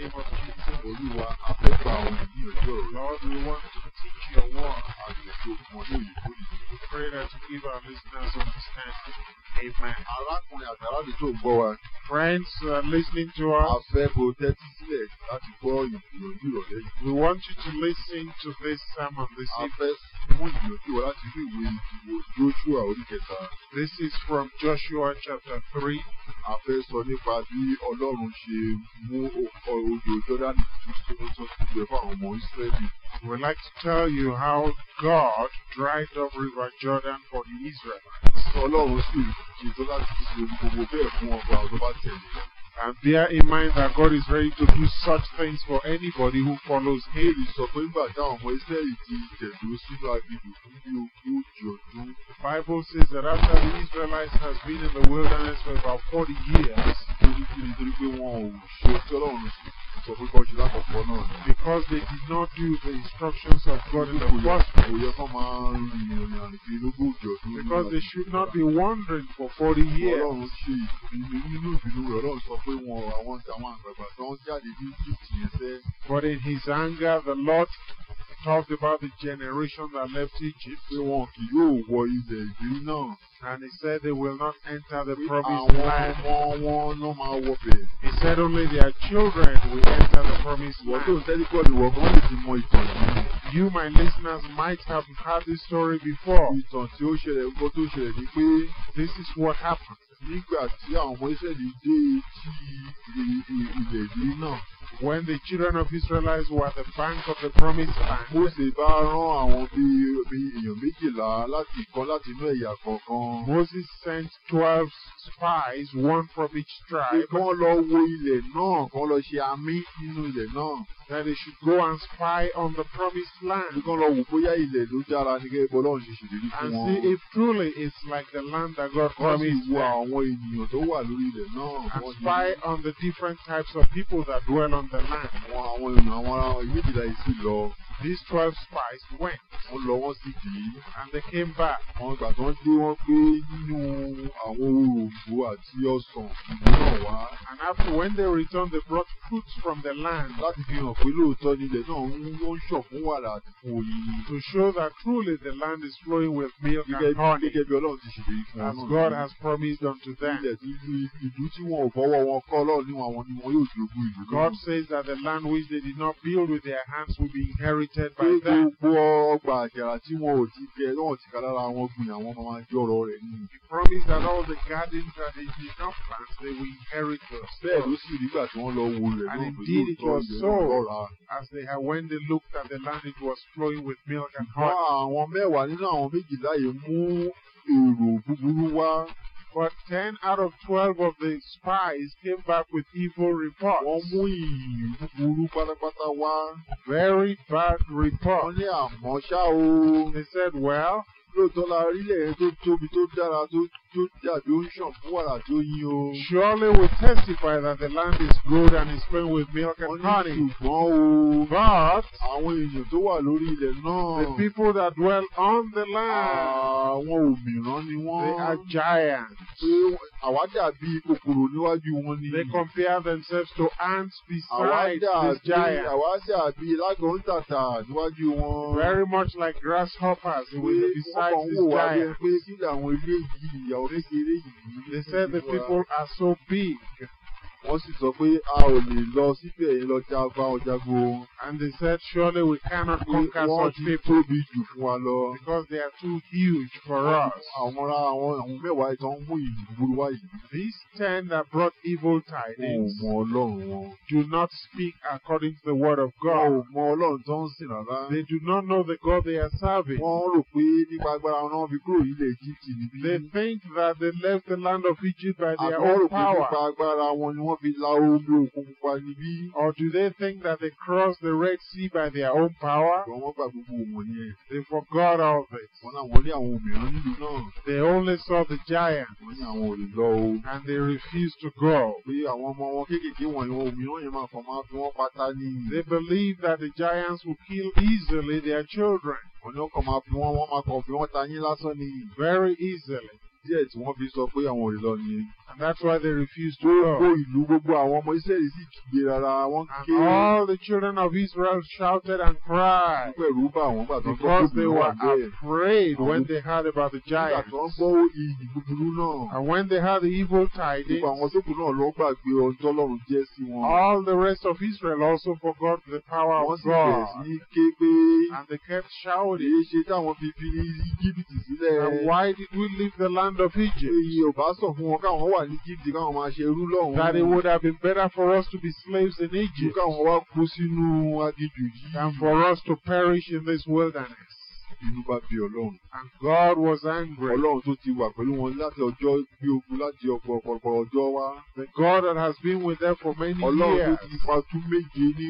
name of Jesus. Lord, we want to teach your word. Àgbẹ̀dọ̀ wọn ló We pray that you give our listeners understanding. Amen. Friends who uh, are listening to us. We want you to listen to this sermon this evening. This is from Joshua chapter three. a fẹ́ sọ nípa bí ọlọ́run ṣe mú odò Jọ́dánì tuntun tó ti gbẹ fún àwọn ọmọ Ísírẹ́lì. We would like to tell you how God dried up River Jordan for the Israelites. Ọlọ́run sì ṣètò láti ṣe gbogbo bẹ́ẹ̀ fún ọgbà ọdún bá tẹ̀lé. And bear in mind that God is ready to do such things for anybody who follows Him. The Bible says that after the Israelites has been in the wilderness for about 40 years, because they did not do the instructions of God in the first Because they should not be wandering for 40 years. But in his anger, the Lord talked about the generation that left Egypt. Pé wọn kì yóò wọ ilẹ̀ ìlú náà. And he said they will not enter the promised land. He said only their children will enter the promised land. You, my listeners, might have heard this story before. This is what happened. when the children of Israelites were at the bank of the promised land. bá rán àwọn bíi èèyàn méjìlá láti kan láti inú ẹ̀yà kọ̀ọ̀kan. Moses sent twelve spies, one from each tribe. Kí wọ́n lọ wo ilẹ̀ náà, kí wọ́n lọ ṣe àmì nínú ilẹ̀ náà. That they should go and spy on the promised land. Kí wọ́n lọ wò bóyá ilẹ̀ ló ní ṣe ṣèlérí fún wọn. And see if truly it's like the land that God promised. Wọ́n sì wo àwọn ènìyàn tó wà lórí ilẹ̀ náà. And spy on the different types of people that dwell London, Berlin, àwọn èèyàn àwọn ìlú ìjìnlẹ̀ yìí sì lọ these twelve spies went to lower City, and they came back. àwọn ìgbà tó ń dé wọ́n gbé nínú àwọn òògùn àti ọsàn ìlú náà wá. and after when they returned they brought fruits from the land. láti fi hàn pé lóòótọ́ nílẹ̀ náà ó ń ṣàn fún wàrà àti fún oyin. to show that truly the land is flowing with milk and honey. gẹ́gẹ́ bí ọlọ́run ti fún wọn. as God has promised unto them. ilẹ̀ tí ìlú tí wọn ò fọwọ́ wọn kọ́ ọlọ́run wọn yóò jogún ìlú náà. God says that the land which they did not build with their hands will be inherited. irritated by that. gbogbo ọgbà àjàrà tí wọn ò ti bẹ náà ti ká lára wọn gbìn àwọn ọmọ máa jọ̀rọ̀ rẹ̀ ni. he promised that all the gardens that they did they will inherit the stones. bẹ́ẹ̀ ló sì nígbà tí wọ́n lọ wo rẹ̀ lóògbé lóòótọ́ ìlú ọ̀rá. as they had when they looked at the land it was flowing with milk and honey. àwọn mẹ́wàá nínú àwọn méjìlá yìí mú èrò búburú wá But ten out of twelve of the spies came back with evil reports. Wọ́n mú ìyìn búburú pátápátá wá. Very bad report. Wọ́n ní àmọ́ ṣá o. They said, well. Lóòótọ́ la rí lẹ́yìn tó tóbi tó dára tó Surely we testify that the land is good and is flowing with milk and honey. But the people that dwell on the land, they are giants. àwa dàbí kòkòrò níwájú wọn ni. they compare themselves to ants beside these giants. àwa dàbí lágọ̀ntàtà níwájú wọn. very much like grasshoppers beside giants. pé wọ́n kàn wò wá bí pé kí làwọn eléyìí ìyàwó. They said the people are so big. wọ́n sì sọ pé a ò lè lọ síbẹ̀ yẹn lọ já bá wọn jago and they said surely we cannot conquer such people. wọ́n ti tóbi jù fún wa lọ. because they are too huge for us. àwọn ará àwọn àwọn mẹ́wàá ìtàn mú ìlú burú wá these ten that brought evil tidings. kò mọ ọlọ́run wọn. do not speak according to the word of God. kò mọ ọlọ́run tó ń sìn rárá. they do not know the God they are serving. wọ́n rò pé nípa agbára wọn fi kúrò ilẹ̀ Egypt níbí. they think that they left the land of Egypt by their own power. àbúrò pé nípa agbára wọn ni wọ́n Or do they think that they crossed the Red Sea by their own power? They forgot all this. They only saw the giant. And they refused to go. They believe that the giants would kill easily their children. Very easily. Díẹ̀ tí wọ́n fi sọ pé àwọn ò lè And that's why they refused to go. And all the children of Israel shouted and cried because they were afraid when they heard about the giants. And when they heard the evil tidings, all the rest of Israel also forgot the power of God. And they kept shouting, And why did we leave the land of Egypt? Egypt that it would have been better for us to be slaves in Egypt. and for us to perish in this wilderness. bínú bá bí ọlọ́run. and God was angry. ọlọ́run tó ti wà pẹ̀lú wọn láti ọjọ́ bí ogun láti ọ̀pọ̀lọpọ̀ ọjọ́ wá. the God that has been with them for many years. ọlọ́run tó ti pa tú méje ní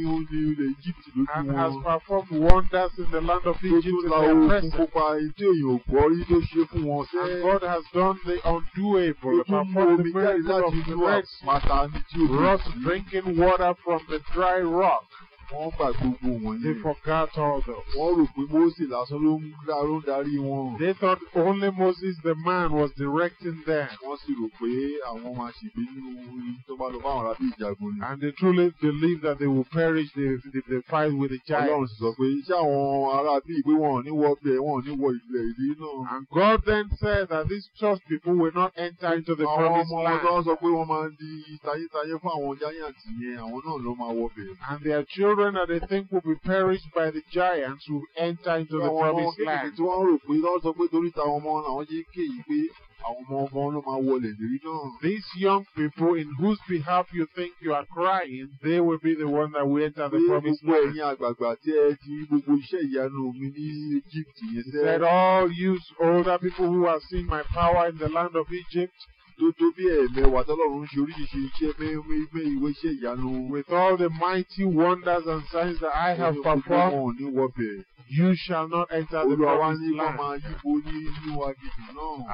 ilẹ̀ Egypt lójú wọn. and has performed wonders in the land of Egypt with their presence. tó tún la ogun kópa ètò èèyàn gbọ́ rí ló ṣe fún wọn. and God has done the undoable. ó omi jáde láti inú àpáta ní tí o. rust drinking water from the dry rock wọ́n gbà gbogbo wọ̀nyí. They forgot all the. Wọ́n rò pé Mósè lásán ló ń láró darí wọn. They thought only Moses the man was directing them. Wọ́n sì rò pé àwọn máa ṣègbè nínú tó bá lọ bá àwọn arábí ìjagun ni. And they truly believed that they would perish if they, they fight with the giant. Ọlọ́run sì sọ pé iṣẹ́ àwọn arábí ìpé wọn ò ní wọ bẹ̀ wọn ò ní wọ ilẹ̀ ìlú náà. And God then said that these church people will not enter into the promised land. Àwọn ọmọ wọn sọ pé wọ́n máa di tayétayé fún àwọn giant yẹn àwọn náà ló máa wọ bẹ̀. And their children children that they think will be perished by the giants will enter into the promised land. tí wọ́n rò pé lọ́wọ́ sọ pé torí táwọn ọmọ àwọn yé kéyìí pé àwọn ọmọ ọmọ ló máa wọlé lérí náà. these young people in whose behalf you think you are crying they will be the one that will enter the promised land. gbogbo ẹ̀yin àgbààgbà tí ẹ ti gbogbo iṣẹ́ ìyanu mi ní Egypt yẹn sẹ́. that all you older people who have seen my power in the land of Egypt tó tó bí ẹ̀ẹ̀mẹwàá tọ́lọ́run ṣe oríṣiríṣi iṣẹ́ mẹ́wẹ́ ìwé iṣẹ́ ìyanu. with all the mighty wonders and signs that I have performed. You shall not enter the promised land.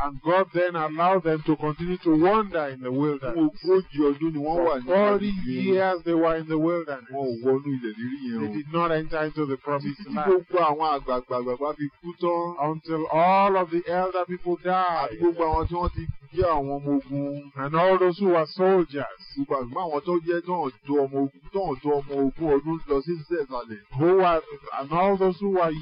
And God then allowed them to continue to wander in the wilderness. For forty years they were in the wilderness. They did not enter into the promised land. Until all of the elder people died jẹ́ àwọn ọmọ ogun and all those who were soldiers gbogbo àwọn tó jẹ́ náà do, ọmọ ogun náà tó ọmọ ogun ọdún lọ sí sẹ́sàlẹ̀ who were and all those who were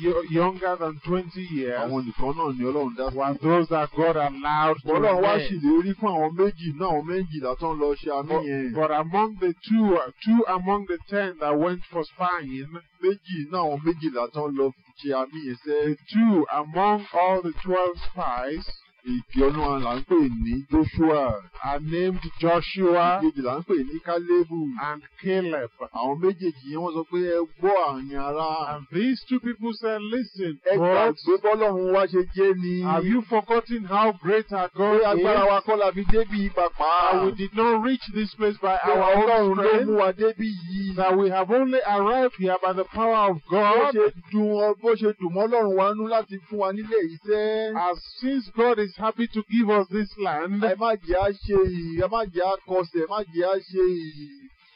younger than twenty years àwọn nìkan náà ni Ọlọ́run dá sí were those that God allowed to remain Ọlọ́run wá ṣèlérí fún àwọn méjì náà àwọn méjìlá tó ń lọ ṣe àmì yẹn but among the two two among the ten that went for spying méjì náà àwọn méjìlá tó ń lọ ṣe àmì yẹn sẹ́ two among all the twelve spies ìkè olúwa là ń pè ní joshua. are named joshua. ìkejì là ń pè ní kálébù. and caleb. àwọn méjèèjì yẹn wọ́n sọ pé ẹ gbọ́ àyàn ara. and these two people said listen. ẹ gbàgbé bọ́lọ́run wá ṣe jẹ́ ni. have you forgotten how great our God is. pé agbára wa kọ́ la fi débi pàpà. and we did not reach this place by our own strength. pé ọlọ́run ló mú wa débi yìí. that we have only arrived here by the power of God. bó ṣe dùn bó ṣe dùn mọ́ ọlọ́run wa nú láti fún wa nílé iṣẹ́. as since God is is happy to give us this land. Ẹ má jẹ́ àṣe ẹ má jẹ́ àkọsẹ̀, ẹ má jẹ́ àṣe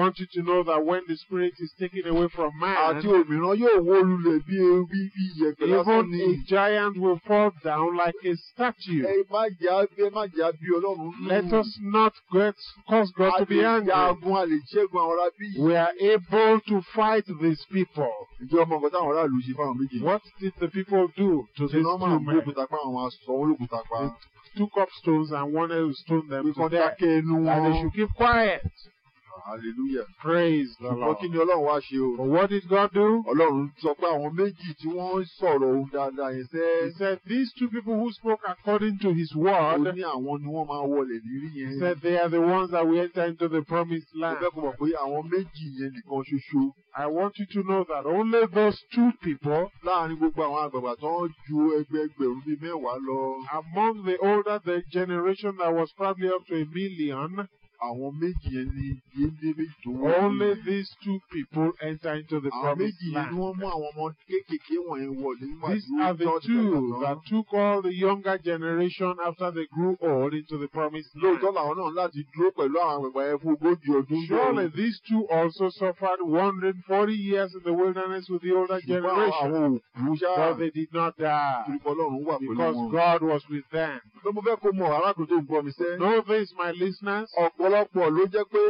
want you to know that when the spirit is taken away from man. Àti òmíràn yóò wó lulẹ̀ bí ewì bí iyẹ̀pẹ̀ lásán ni. Even a giant will fall down like a statue. Ẹ má jà ẹ má jà bí Ọlọ́run nù. Let us not get, cause God to be angry. Àlejàgun àlejẹ́gun àwọn ará bí We are able to fight these people. Ǹjẹ́ ọmọ ọ̀gá táwọn aráàlú ṣe fáwọn méjì? What did the people do to these two men? Ṣé wọ́n pa àwọn aṣọ olókùúta pa? They took up stones and wanted to stone them to death. And they should keep quiet hallelujah. praise the lord. kí ni ọlọ́run wá ṣe o. for what did God do? ọlọ́run sọ pé àwọn méjì tí wọ́n sọ̀rọ̀ ohun dáadáa yẹn sẹ́. he said these two people who spoke according to his word. ó ní àwọn ni wọ́n máa wọlé nírí yẹn. he said they are the ones that will enter into the promised land. ó fẹ́ kó mọ̀ pé àwọn méjì yẹn nìkan ṣoṣo. I want you to know that only those two people. láàrin gbogbo àwọn àgbàgbà tó ń ju ẹgbẹẹgbẹ̀rún bíi mẹ́wàá lọ. among the older the generation that was probably up to a million. only these two people enter into the promised land. these are the two that took all the younger generation after they grew old into the promised land. surely these two also suffered one hundred forty years in the wilderness with the older generation. but they did not die. because God was with them. know this my listeners. ọ̀pọ̀ ọ̀pọ̀lọpọ̀ ló jẹ́ pé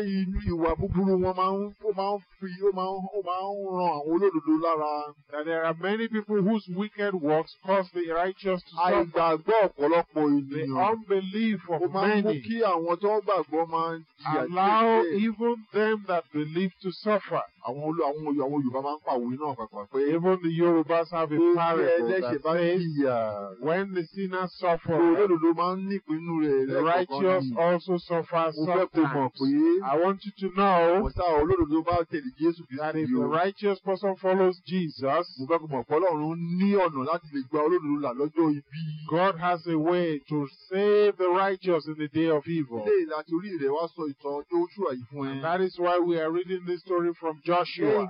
ìwà búburú wọn máa ń fi ó máa ń ó àwọn olódodo lára. that there are many people whose wicked works cause the righteous to suffer. àìgbàgbọ́ ọ̀pọ̀lọpọ̀ ènìyàn. the unbelief of many. ó máa ń mú kí àwọn tó gbàgbọ́ máa ń jìyà díẹ̀. allow even them that believe to suffer. àwọn olú àwọn Yorùbá máa ń pàwé náà pàpà pé. even the Yorùbás have a parable that says when the sinner suffers. olódodo máa ń nípinnu rẹ̀ lẹ́kọ̀ọ́ kan ní. the righteous also suffer. I want you to know. That if a righteous person follows Jesus. God has a way to save the righteous in the day of evil. And that is why we are reading this story from Joshua.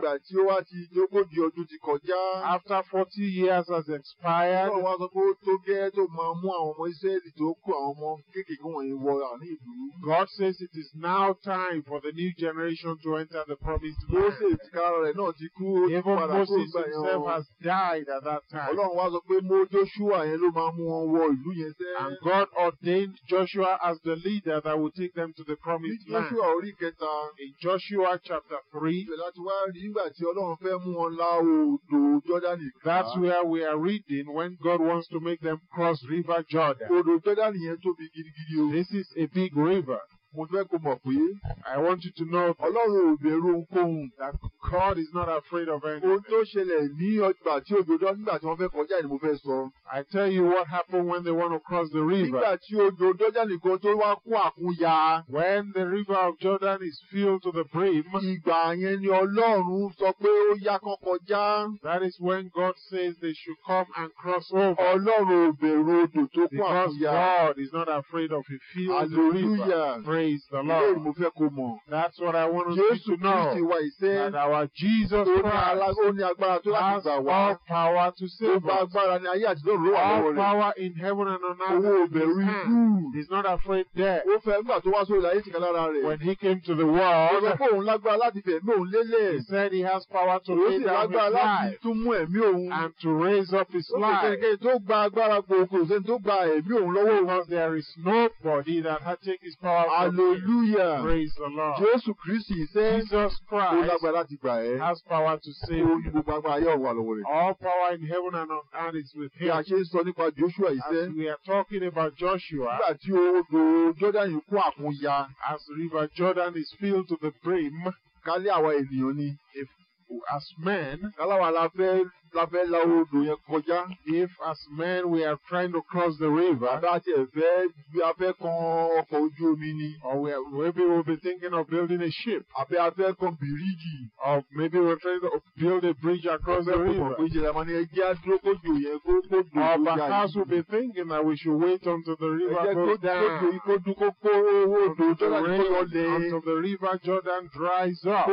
After forty years has expired. God says it is now time for the new generation to enter the promised land. Even Moses himself has died at that time. And God ordained Joshua as the leader that will take them to the promised land. In Joshua chapter 3, that's where we are reading when God wants to make them cross River Jordan. This is a big river mo fẹ́ kó mọ̀ pé. I want you to know. Ọlọ́run ò bẹ̀rù ohunkóhun. That God is not afraid of anything. Ohun tó ṣẹlẹ̀ ní ọgbà tí nígbà tí wọ́n fẹ́ kọjá ni mo fẹ́ sọ. I tell you what happened when they want to cross the river. Nígbà tí tó wá kú àkúnya. When the river of Jordan is filled to the brim. Ìgbà yẹn ni Ọlọ́run sọ pé ó yá kán That is when God says they should come and cross over. Ọlọ́run ò bẹ̀rù odò tó kú àkúnya. Because God is not afraid of a field. Hallelujah. Praise the Lord. Ilé fẹ́ kó mọ̀. That's what I want to Jésù Kristi wa ìṣe. That our Jesus Christ ó ní agbára tó láti gbà wá. All power to save us. Ó bá agbára ní ayé àti lóòrùn wà lọ́wọ́ rẹ̀. All power in heaven and on earth. Owó ìbẹ̀rù ikú. He is not afraid there. Ó fẹ́ gbà tó wá sórí ayé tìkan lára rẹ̀. When he came to the world. Ó sọ pé òun lágbára láti fẹ̀ mí òun lélẹ̀. He said he has power to lay down his life. Ó sì lágbára láti tún mú ẹ̀mí òun. And to raise up his life. Ó sì kẹ́kẹ́ tó gba agbára gbòòkò sẹ́ni tó gba ẹ̀mí òun lọ́wọ́ òun. Because there is nobody that can take his power from Hallelujah. Praise the Lord. Jésù Kristi iṣẹ́. Jesus Christ. Ó lágbára láti gbà ẹ́. Has power to save. Ó ní gbogbo agbára yóò wà lọ́wọ́ All power in heaven and on earth is with him. Bí a ṣe ń sọ nípa Joshua iṣẹ́. As we are talking about Joshua. Nígbà tí odò Jordan yìí kún àkúnya. As the river Jordan is filled to the brim. Kálí àwa ènìyàn ni. If as men. Káláwa la fẹ́ If as men we are trying to cross the river, or we are, maybe we'll be thinking of building a ship, or maybe we're trying to build a bridge across the river, or perhaps we'll be thinking that we should wait until the river goes down, until the, until the river Jordan dries up,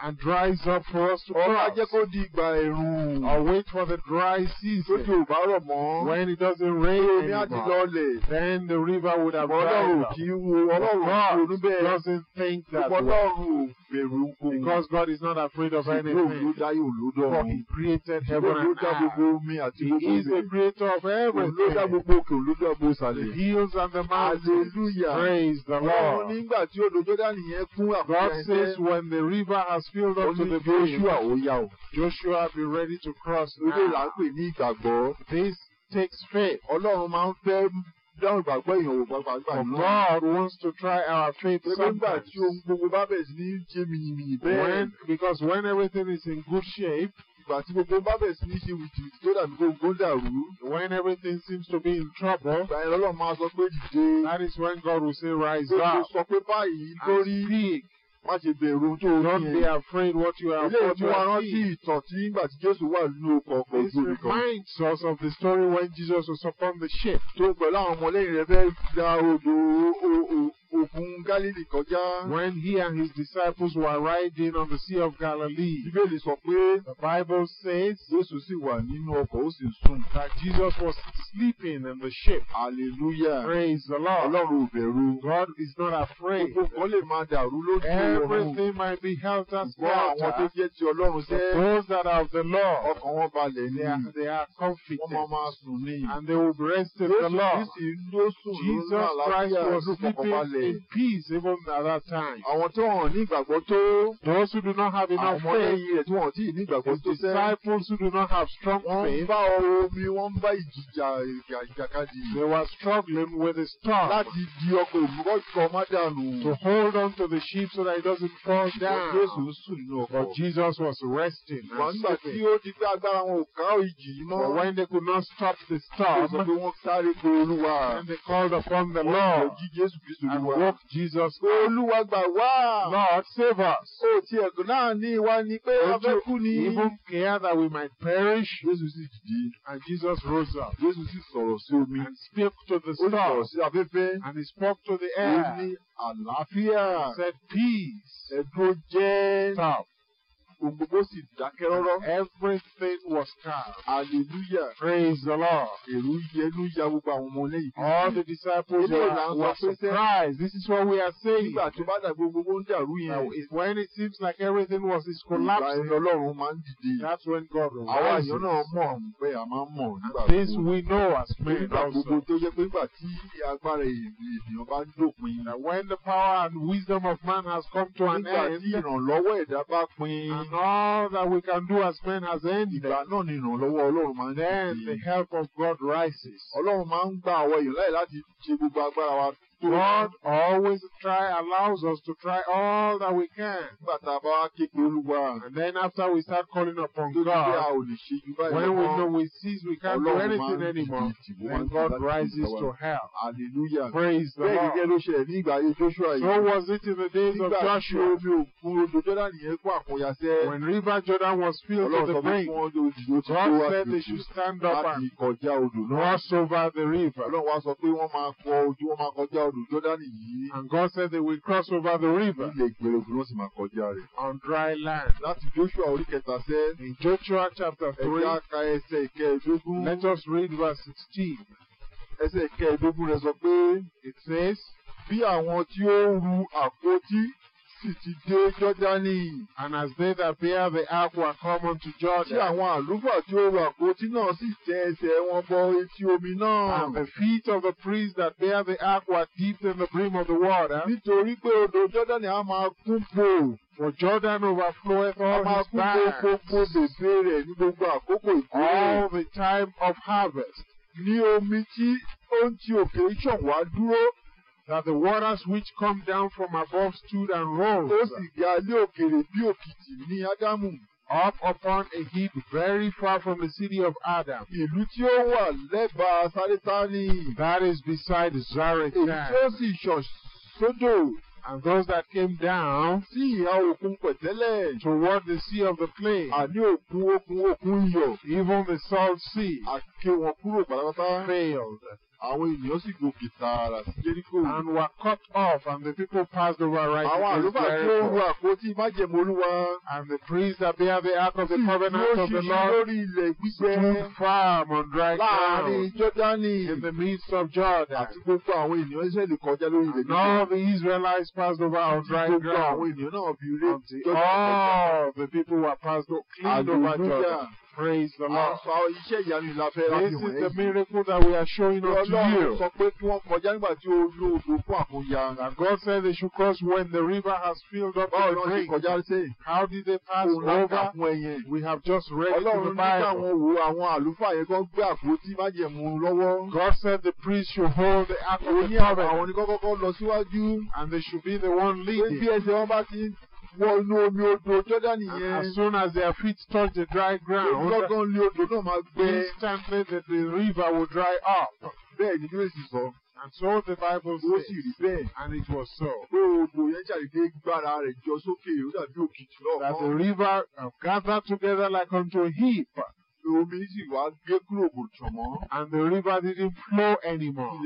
and dries up for us to cross. I wait for the dry season. lójú mọ́. when it doesn't rain anymore. omi then the river would have dried up. ọlọ́run kì í wo ọlọ́run kò bẹ́ẹ̀. God doesn't think that way. ọlọ́run bẹ̀rù because God is not afraid of anything. for he created heaven and earth. gbogbo omi àti gbogbo he is the creator of everything. olùdá gbogbo òkè gbogbo the hills and the mountains. hallelujah. praise the Lord. nígbà tí odò God says when the river has filled up to the Joshua shall be ready to cross. Ilé ah. là ń pè ní ìgbàgbọ́. This takes faith. Ọlọ́run máa ń fẹ́ dáhùn ìgbàgbọ́ èèyàn wò gbàgbà gbà. God wants to try our faith sometimes. Nígbà tí ohun gbogbo bá bẹ̀rẹ̀ sí ní ṣe mìnyìnmìnyì bẹ́ẹ̀. Because when everything is in good shape. Ìgbà tí gbogbo bá bẹ̀rẹ̀ sí ní ṣe wìtìwìtì tó dàbí gbogbo dàrú. When everything seems to be in trouble. Ìgbà yẹn lọ́lọ́ máa sọ pé dìde. That is when God will say rise up. Gbogbo sọ pé báyìí lórí. And speak má ṣe bẹ̀rù tó rí yẹn. don't be afraid what you are afraid to see. ilé ìwà rántí ìtàn tí nígbà tí Jésù wà nínú ọkọ̀ ọkọ̀ ojú omi kan. this reminds us of the story when Jesus was upon the ship. tó pẹ̀lú àwọn ọmọlẹ́yìn rẹ̀ fẹ́ da odò kọjá. When he and his disciples were riding on the Sea of Galilee. Bíbélì sọ pé. The Bible says. Jésù sì wà nínú ọkọ̀ ó sì sùn. That Jesus was sleeping in the ship. Hallelujah. Praise the Lord. Ọlọ́run ò bẹ̀rù. God is not afraid. Gbogbo nǹkan lè máa dàrú lójú Everything might be helter skelter. Ṣùgbọ́n àwọn tó jẹ́ ti Ọlọ́run Those that have the Lord. Ọkàn wọn balẹ̀ ni. They are, confident. Wọ́n máa máa sùn ní. And they will rest in the Lord. Jésù Kristi ló sùn Jesus Christ was sleeping in mm. peace even at that time. tó tó. Those who do not have enough faith. Àwọn ọmọlẹ́yìn rẹ̀ tí wọ́n Disciples who do not have strong faith. They were struggling with the storm. To hold on to the sheep so that it doesn't fall down. But Jesus was resting and sleeping. But when they could not stop the storm. And they called upon the Lord wá. Jesus. Olúwa Lord save us. Oh ti ẹ̀gùn náà ní ìwá Even care that we might perish. Jésù And Jesus rose up. Jésù sì And spoke to the stars, And he spoke to the air. And He said peace. Ẹ good jẹ́. Stop. Gbogbo sì dákẹ́ rọ́rọ́. Everything was calm. Hallelujah. Praise the Lord. Èrú yẹnu ya gbogbo àwọn ọmọ lẹ́yìn. All the disciples were, were surprised. This is what we are saying. Nígbà tó bá dàgbé gbogbo ń dàrú yẹn. When it seems like everything was is collapsing. Ìgbà Ọlọ́run máa ń dìde. That's when God rises. Àwọn àyàn náà mọ̀ pé a máa ń mọ̀ nígbà gbogbo. This we know as men also. Nígbà gbogbo tó jẹ́ pé nígbà tí agbára ènìyàn bá ń dópin. When the power and wisdom of man has come to an end. Nígbà tí ìrànlọ́wọ́ ẹ̀dá bá pin and all that we can do as men has ended. Ìgbà náà ni ìrànlọ́wọ́ Ọlọ́run máa ń dìde. Then the help of God rises. Ọlọ́run máa ń gba àwọn èèyàn láì láti ṣe gbogbo agbára wa God always try allows us to try all that we can. And then after we start calling upon God, when we know we cease, we can't do anything anymore. Then God rises to help. Hallelujah. Praise the Lord. So was it in the days of Joshua. When River Jordan was filled with the brink, God said they should stand up and cross over the river. odò Jọ́dánì yìí. And God said they will cross over the river. Ilẹ̀ ìgbèrèfò ló sì máa kọjá rẹ̀. On dry land. Láti Joshua orí kẹta sẹ́. In Joshua chapter three. Ẹ̀ka ka ẹsẹ̀ ìkẹẹ̀dógún. Let us read verse sixteen. Ẹsẹ̀ ìkẹẹ̀dógún rẹ̀ sọ pé. It says. Bí àwọn tí ó ru àpótí sì ti dé jọ́dánì. and as they that bear the ark were common to Jordan. tí àwọn àlùfáà tí ó wà kótí náà sì tẹ ẹsẹ̀ wọn bọ etí omi náà. and the feet of the priests that bear the ark were deep in the brim of the water. nítorí pé odò jọ́dánì á máa kún pò. For Jordan overfloweth all his banks. All the time of harvest. Ní omi tí ó ń ti òkè ìṣàn wá dúró that the waters which come down from above stood and rose. ó sì ga lé òkèrè bí òkìtì ní Ádámù. up upon a heap very far from the city of Adam. Ìlú tí ó wà lẹ́bàá Sárétáni. That is beside Zaretan. Èyí tí sì ṣọ̀ sódò. And those that came down sí ìhà òkun pẹ̀tẹ́lẹ̀ toward the sea of the plain. Àní òkun òkun òkun iyọ̀. Even the salt sea. Àkè wọn kúrò pátápátá. Failed àwọn ènìyàn sì gòkè tààrà sí Jericho. and were cut off and the people passed over right àwọn àlùfáà tí ó ru àpótí májẹ̀mú olúwa. and the priests that bear the ark of the covenant of the Lord. sì lórí ilẹ̀ gbígbẹ. stood firm on dry ground. láàrin Jọ́dánì. in the midst of Jordan. àti gbogbo àwọn ènìyàn Israẹli kọjá lórí ilẹ̀ gbígbẹ. all the Israelites passed over on dry ground. gbogbo àwọn ènìyàn náà fi ré. until all the people were passed over clean over Jordan. Praise the Lord. This is the miracle that we are showing to you. And God said they should cross when the river has filled up the brink. How did they pass over? We have just read it in the Bible. God said the priest should hold the ark of the covenant. And they should be the one leading wọ inú omi odò Jọ́dánì yẹn. as soon as their feet touch the dry ground. lọ́gán lé odò náà máa gbẹ. instantly the, the river will dry up. bẹ́ẹ̀ ni Jésù sọ. And so the Bible says. Ó sì rí bẹ́ẹ̀. And it was so. Pé odò yẹn ṣàdédé gbára rẹ̀ jọ sókè ó dàbí òkìtì lọ́kàn. That the river gathered together like unto a heap. Omi was and the river didn't flow anymore.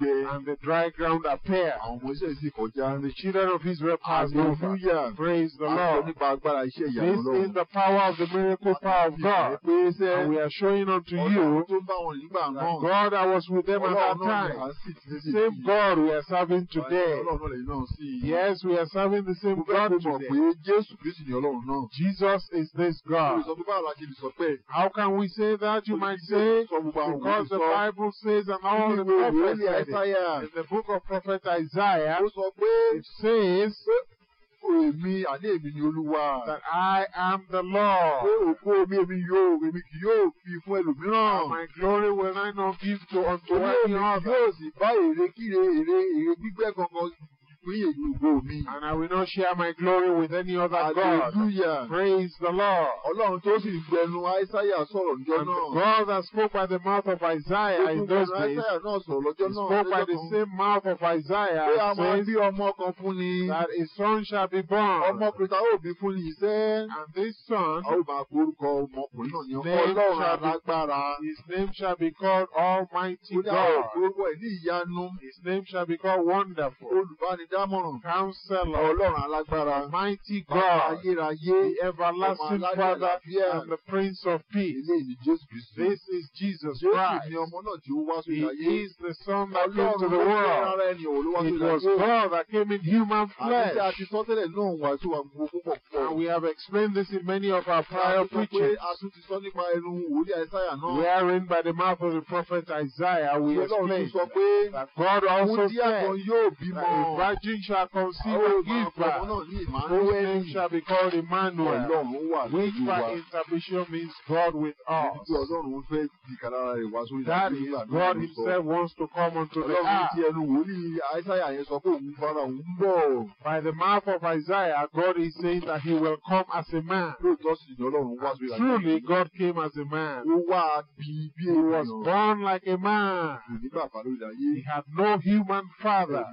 And the dry ground appeared. And the children of Israel passed over. Praise the Lord. This is the power of the miracle power of God. And we are showing unto you that God that was with them oh, at that time, the same God we are serving today. Yes, we are serving the same God today. Jesus is this God. How How can we say that, you might say? Because the Bible says, and all the prophets Isaiah In the book of prophet Isaiah, it says, That I am the Lord. Pé My glory will I not give to unto any other pín èyí ògo mi. And I will not share my glory with any other God. Hallelujah. Praise the Lord. Ọlọ́run tó sì gbẹnu Isaiah sọ̀rọ̀ lọ́jọ́ náà. And God has spoke by the mouth of Isaiah in those days. Isaiah náà sọ̀rọ̀ lọ́jọ́ náà. Spoke by the same mouth of Isaiah. Pé a máa bí ọmọ kan fún ni. That a son shall be born. Ọmọ kìrìtà yóò bí fún ni iṣẹ́. And this son. A ó máa gbórúkọ ọmọkùnrin náà ní Ọlọ́run alágbára. His name shall be called Almighty God. Kódà ẹ̀ ní ìyanu. His name shall be called Wonderful. Olùbánidá ìdámọ̀ràn. Counselor. Ọlọ́run alágbára. Mighty God. Ayérayé. Everlasting Father. And the Prince of Peace. Ilé ìní Jésù Kristu. This is Jesus Christ. Jésù ni ọmọ náà tí ó wá sí ayé. He is the son that came to the world. Ọlọ́run ara ayé. It was God that came in human flesh. Àti àti sọ́tẹ́lẹ̀ náà wà sí wa gbogbo púpọ̀. And we have explained this in many of our prior preachers. A tún ti sọ nípa ẹnu wòlíì Àìsáyà náà. Wherein by the mouth of the prophet Isaiah we explain that God also said that a virgin. Christian shall conceive and give birth. Who name shall be called Emmanuel, which by interpretation means God with us. That is, God himself wants to come unto the earth. By the mouth of Isaiah, God is saying that he will come as a man. truly, God came as a man. He was born like a man. He had no human father.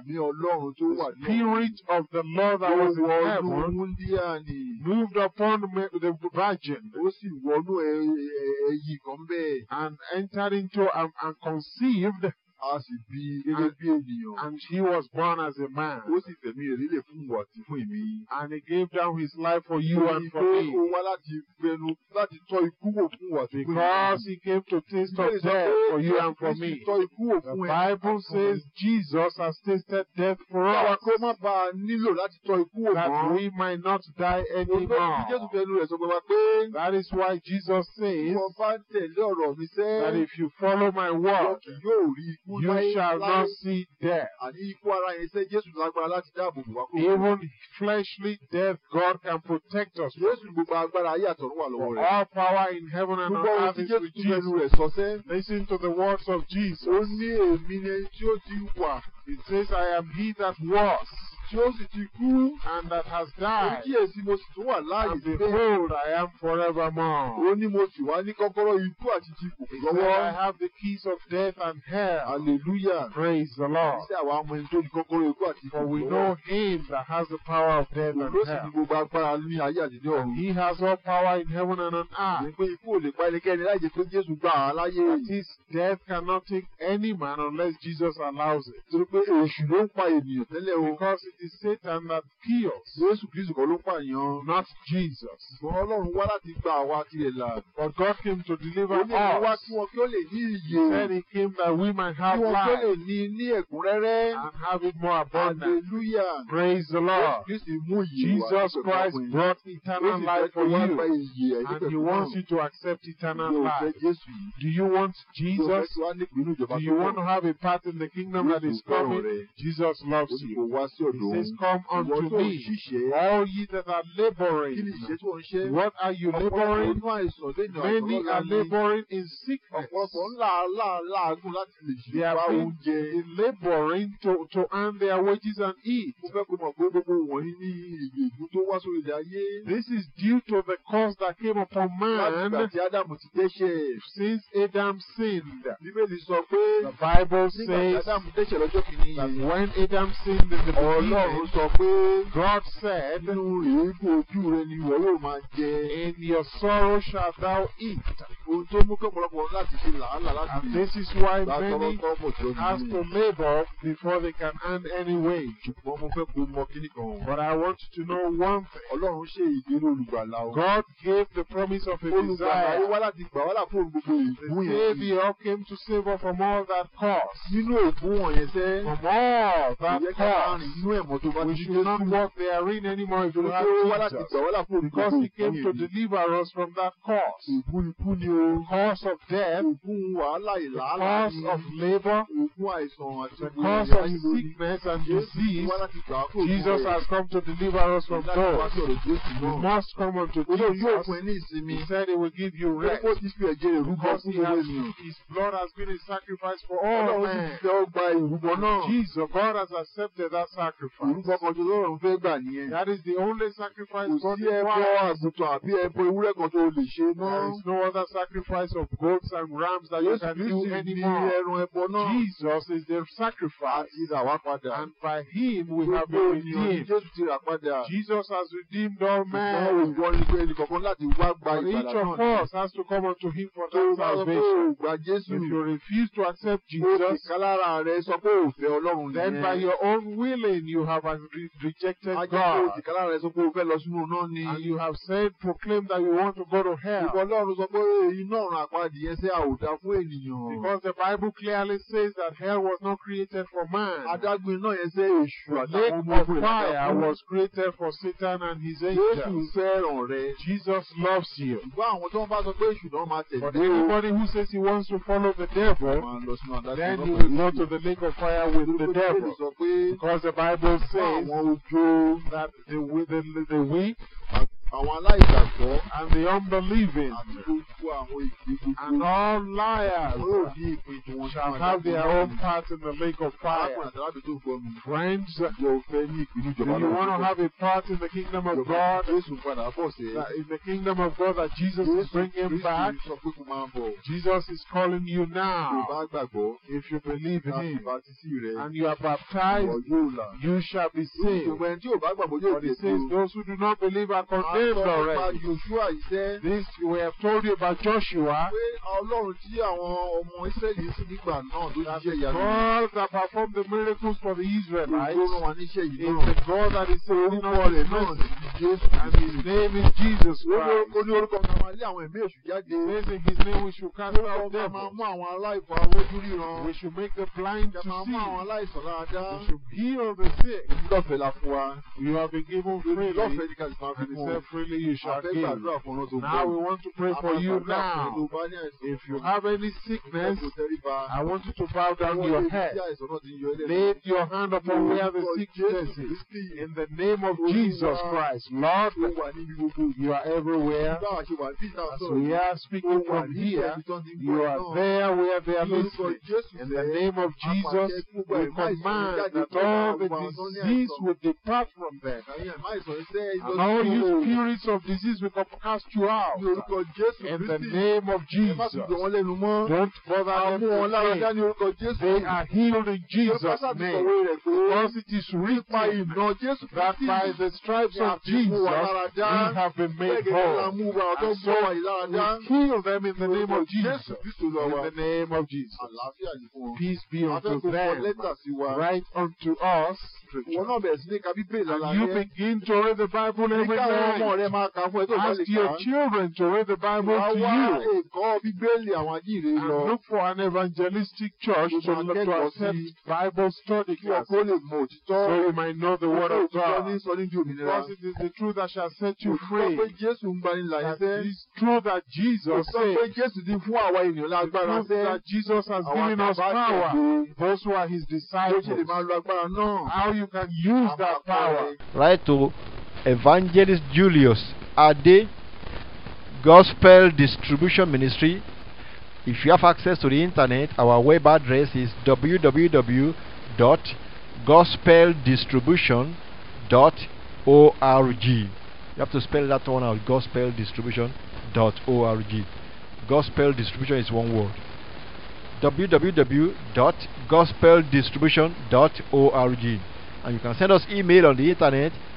Spirit of the mother was in heaven moved upon the virgin and entered into and conceived Oh. and he was born as a man. and he gave down his life for you and for me. because he came to taste of death for you and for me. the bible says Jesus has tasted death for us. that we might not die anymore. that is why Jesus says. that if you follow my word you shall not see death. Even fleshly death God can protect us. All power in heaven and on earth is with Jesus. Listen to the words of Jesus. It says I am he that was. tí ó sì ti kú. and that has died. orí èsì mo sì tún wà láàyè bẹ́ẹ̀. and behold I am forevermore. ó ní mo sì wá ní kọ́kọ́rọ́ ikú àti ti kù lọ́wọ́. he said I have the keys of death and hell. hallelujah. praise the Lord. ṣé àwa ọmọ ẹni tó ní kọ́kọ́rọ́ ikú àti ti kù lọ́wọ́. for we know him that has the power of death and hell. olóṣèlú ni gbogbo agbára ní ayé àti ní ọ̀run. he has all power in heaven and on earth. ìpè ikú ò lè pa ẹnikẹ́ni láì jẹ́ pé Jésù gbà á láyé. that is death cannot take any man unless Jesus allows it. torí pé èṣù ló ń pa ènìyàn tẹ́lẹ̀ o. because is Satan that kills. Not Jesus. But God came to deliver us. Ó ní Then he came that we might have life. And have it more abundantly. Praise the Lord. Jesus Christ brought eternal life for you. And he wants you to accept eternal life. Do you want Jesus? Do you want to have a part in the kingdom that is coming? Jesus loves you says, Come unto me, all ye that are laboring. What are you laboring? Many are laboring in sickness. They are in laboring to, to earn their wages and eat. This is due to the curse that came upon man since Adam sinned. The Bible says when Adam sinned in the God said. In your sorrow shall thou eat. And this is why many ask for labour before they can earn any wage. But I want you to know one thing. God gave the promise of a desire. The Saviour came to save us from all that cost. From all that cost tó We should not walk the arena anymore if have Because he came to deliver us from that curse. Ògùn ni Curse of death. Ògùn wàhálà of labour. Ògùn àìsàn of sickness and disease. Jesus has come to deliver us from those. We must come unto Jesus. He said he will give you rest. Because he has, his blood has been a sacrifice for all men. Jesus, God has accepted that sacrifice. Nǹkan That is the only sacrifice God requires. There is no other sacrifice of goats and rams that you can do anymore. Jesus is the sacrifice. And by him we have been redeemed. Jesus has redeemed all men. Ṣùgbọ́n Each of us has to come unto him for that salvation. If you refuse to accept Jesus. Then by your own willing you have re rejected God. And you have said, proclaimed that you want to go to hell. Because the Bible clearly says that hell was not created for man. The lake of fire was created for Satan and his angels. Jesus loves you. But anybody who says he wants to follow the devil, then he will go to the lake of fire with the devil. Because the Bible you not with the, the weak àwọn aláìgbàgbọ́ and the unbelieving and all liars shall have their own part in the lake of fire. friends do you want to have a part in the kingdom of God. that in the kingdom of God that Jesus is bringing back. Jesus is calling you now. if you believe in him. and you are baptized. you shall be saved. those who do not believe are condemned. named already. This we have told you about Joshua. God that performed the miracles for the Israelites is the God that is holy and his name is Jesus Christ. It his name we should cast out devils. We should make the blind to see. We should heal the sick. You have been given free. freely you shall give. Now we want to pray for you now. If you have any sickness, I want you to bow down your head. Lay your hand upon oh, where the sickness is. In the name of oh, Jesus Christ, oh, Lord, you are everywhere. As we are speaking from here, you are there where they are listening. In the eh, name of Jesus, we command that all the disease would depart from them. And all you spirits of disease will cast you out. In the name of Jesus. Don't bother them to pray. They are healed in Jesus' name. Because it is written that by the stripes of Jesus we have been made whole. And so we heal them in the name of Jesus. In the name of Jesus. Peace be unto them. Right unto us. And you begin to read the Bible every night tó ask your children to read the bible to you. and look for an evangelistic church to, to accept bible study class. so you might know the word of God. because it is the truth that shall set you free. it is true that Jesus said. òtítọ́ pé that Jesus has given us power. those who are his disciples. how you can use that power. right to Evangelist Julius Ade Gospel Distribution Ministry. If you have access to the internet, our web address is www.gospeldistribution.org. You have to spell that one out gospeldistribution.org. Gospel distribution is one word www.gospeldistribution.org and you can send us email on the internet